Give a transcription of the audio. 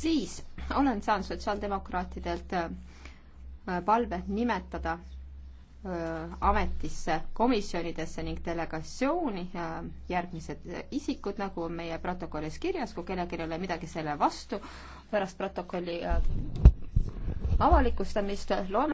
siis olen saanud sotsiaaldemokraatidelt äh, äh, palve nimetada äh, ametisse, komisjonidesse ning delegatsiooni järgmised isikud, nagu on meie protokollis kirjas, kui kellelgi ei ole midagi selle vastu pärast protokolli avalikustamist, loeme